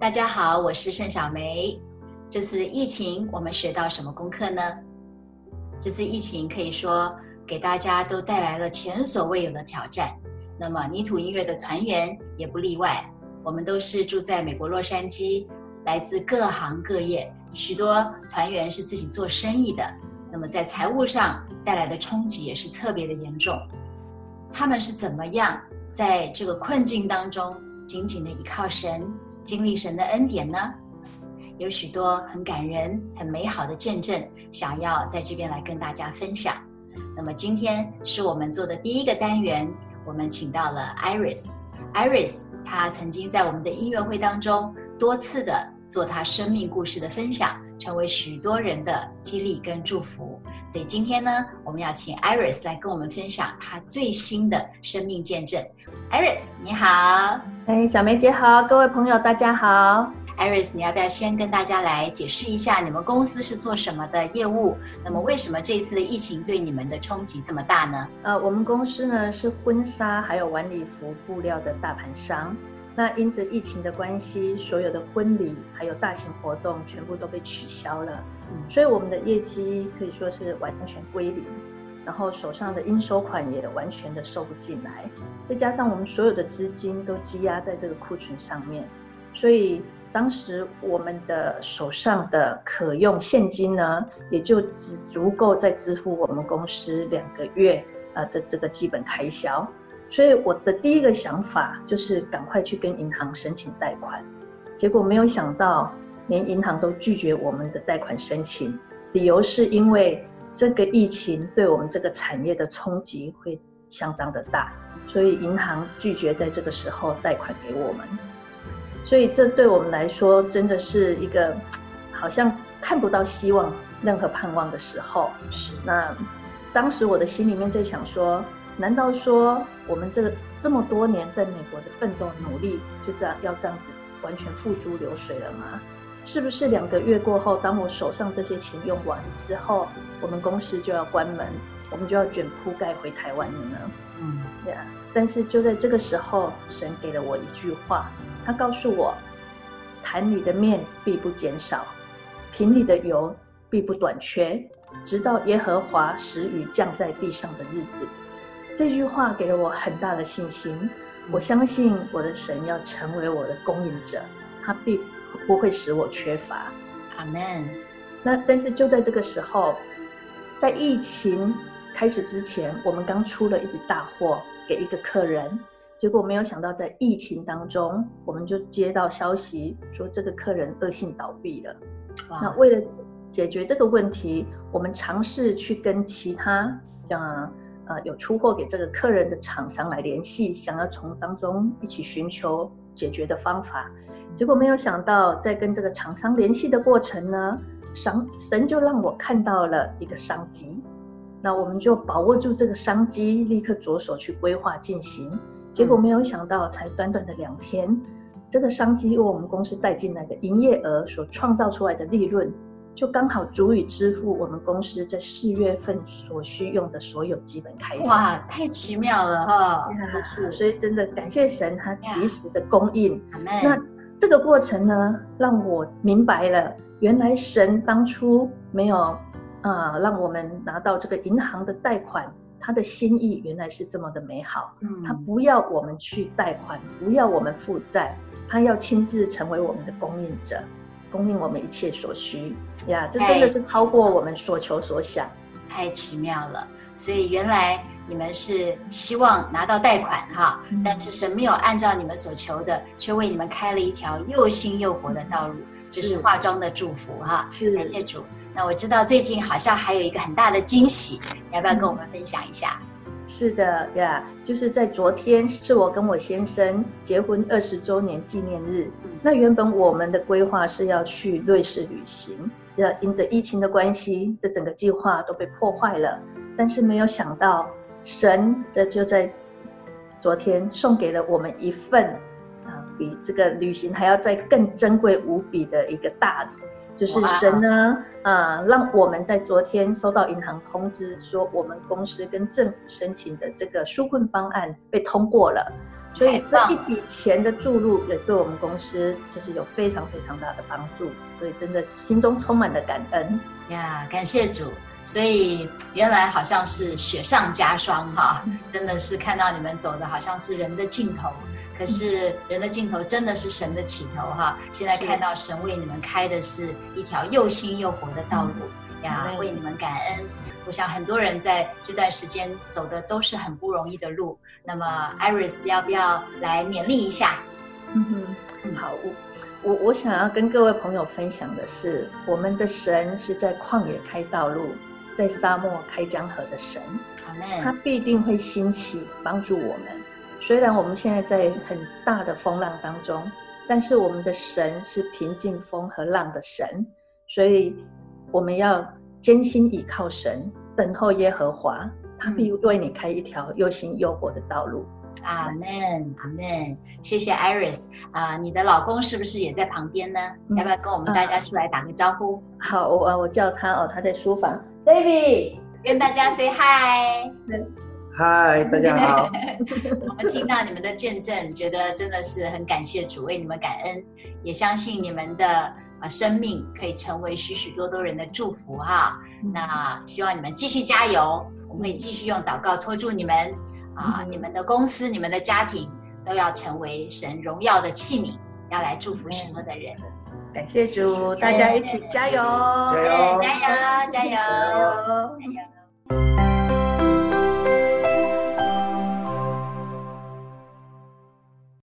大家好，我是盛小梅。這次疫情，我們學到什麼功課呢？這次疫情可以說給大家都帶來了前所未有的挑戰。那麼，泥土音樂的團員也不例外。我們都是住在美國洛杉磯，來自各行各業，許多團員是自己做生意的。那麼，在財務上帶來的衝擊也是特別的嚴重。他們是怎麼樣在這個困境當中緊緊的依靠神？經歷神的恩典呢，有許多很感人、很美好的見證，想要在這邊來跟大家分享。那麼今天是我們做的第一個單元，我們請到了 Iris。Iris 她曾經在我們的音樂會當中多次的做她生命故事的分享，成為許多人的激勵跟祝福。所以今天呢，我們要請 Iris 來跟我們分享她最新的生命見證。Iris 你好。哎、hey，小梅姐好，各位朋友大家好。Iris 你要不要先跟大家來解釋一下你們公司是做什麼的業務？嗯、那麼為什麼這次的疫情對你們的衝擊這麼大呢？呃，我們公司呢是婚紗還有晚禮服布料的大盤商。那因着疫情的關係，所有的婚禮還有大型活動全部都被取消了，嗯、所以我們的業績可以說是完全歸零。然後手上的應收款也完全的收不進來，再加上我們所有的資金都積壓在這個庫存上面，所以當時我們的手上的可用現金呢，也就只足夠再支付我們公司兩個月啊的這個基本開銷。所以我的第一個想法就是趕快去跟銀行申請貸款，結果沒有想到連銀行都拒絕我們的貸款申請，理由是因為。這個疫情對我們這個產業的衝擊會相當的大，所以銀行拒絕在這個時候貸款給我們，所以這對我們來說真的是一個好像看不到希望、任何盼望的時候。是。那當時我的心裡面在想說，難道說我們這個這麼多年在美國的奮鬥努力，就這樣要這樣子完全付諸流水了嗎？是不是兩個月過後，當我手上這些錢用完之後，我們公司就要關門，我們就要捲鋪蓋回台灣了呢？嗯，呀，yeah，但是就在這個時候，神給了我一句話，他告訴我：“罈裡的麵必不減少，瓶裡的油必不短缺，直到耶和華使雨降在地上的日子。”這句話給了我很大的信心，我相信我的神要成為我的供應者，他必。不會使我缺乏，阿們。那但是就在這個時候，在疫情開始之前，我們剛出了一筆大貨給一個客人，結果沒有想到在疫情當中，我們就接到消息說這個客人惡性倒閉了。Wow. 那為了解決這個問題，我們嘗試去跟其他，樣、啊、呃，有出貨給這個客人的廠商來聯繫，想要從當中一起尋求解決的方法。結果沒有想到，在跟這個廠商聯繫的過程呢，神就讓我看到了一個商機，那我們就把握住這個商機，立刻着手去規劃進行。結果沒有想到，才短短的兩天，嗯，這個商機為我們公司帶進來的營業額所創造出來的利潤，就剛好足以支付我們公司在四月份所需用的所有基本開銷。哇，太奇妙了哈，哦嗯！是，所以真的感謝神，他及時的供應。啊，那。這個過程呢，讓我明白了，原來神當初沒有，啊、呃，讓我們拿到這個銀行的貸款，他的心意原來是這麼的美好，嗯，他不要我們去貸款，不要我們負債，他要親自成為我們的供應者，供應我們一切所需呀，Yeah, 這真的是超過我們所求所想，太，太奇妙了，所以原來。你們是希望拿到貸款哈，但是神沒有按照你們所求的，卻為你們開了一條又新又活的道路，就是，是化妝的祝福哈。是，感謝主。那我知道最近好像還有一個很大的驚喜，你要不要跟我們分享一下？是的呀，yeah, 就是在昨天是我跟我先生結婚二十周年紀念日，那原本我們的規劃是要去瑞士旅行，要因着疫情的關係，這整個計劃都被破壞了，但是沒有想到。神，這就在昨天送給了我們一份啊，比這個旅行還要再更珍貴無比的一個大禮，就是神呢，啊、wow. 嗯，讓我們在昨天收到銀行通知，說我們公司跟政府申請的這個紓困方案被通過了。所以這一筆錢的注入也對我們公司就是有非常非常大的幫助，所以真的心中充滿了感恩呀，yeah, 感謝主。所以原來好像是雪上加霜哈，真的是看到你們走的好像是人的盡頭，可是人的盡頭真的是神的起頭哈。現在看到神為你們開的是一條又新又活的道路呀，為你們感恩。我想很多人在這段時間走的都是很不容易的路。那麼，Iris，要不要來勉勵一下？嗯哼，好。我我想要跟各位朋友分享的是，我們的神是在曠野開道路，在沙漠開江河的神。阿們。他必定會興起幫助我們。雖然我們現在在很大的風浪當中，但是我們的神是平靜風和浪的神，所以我們要專心依靠神。等候耶和華，他又對你開一條又新又活的道路。阿、嗯、門，阿、啊啊啊、man、啊、謝謝 Iris 啊，你的老公是不是也在旁邊呢、嗯？要不要跟我們大家出來打個招呼？啊、好，我我叫他哦，他在書房。David，跟大家 say hi。嗨，大家好。 我們聽到你們的見證，覺得真的是很感謝主，為你們感恩，也相信你們的。生命可以成為許許多多人的祝福哈。那希望你們繼續加油，我們可以繼續用禱告托住你們啊。你們的公司、你們的家庭都要成為神榮耀的器皿，要來祝福許多的人。嗯嗯。感謝主，大家一起加油！對對對對對加油！加油！加油！加油加油加油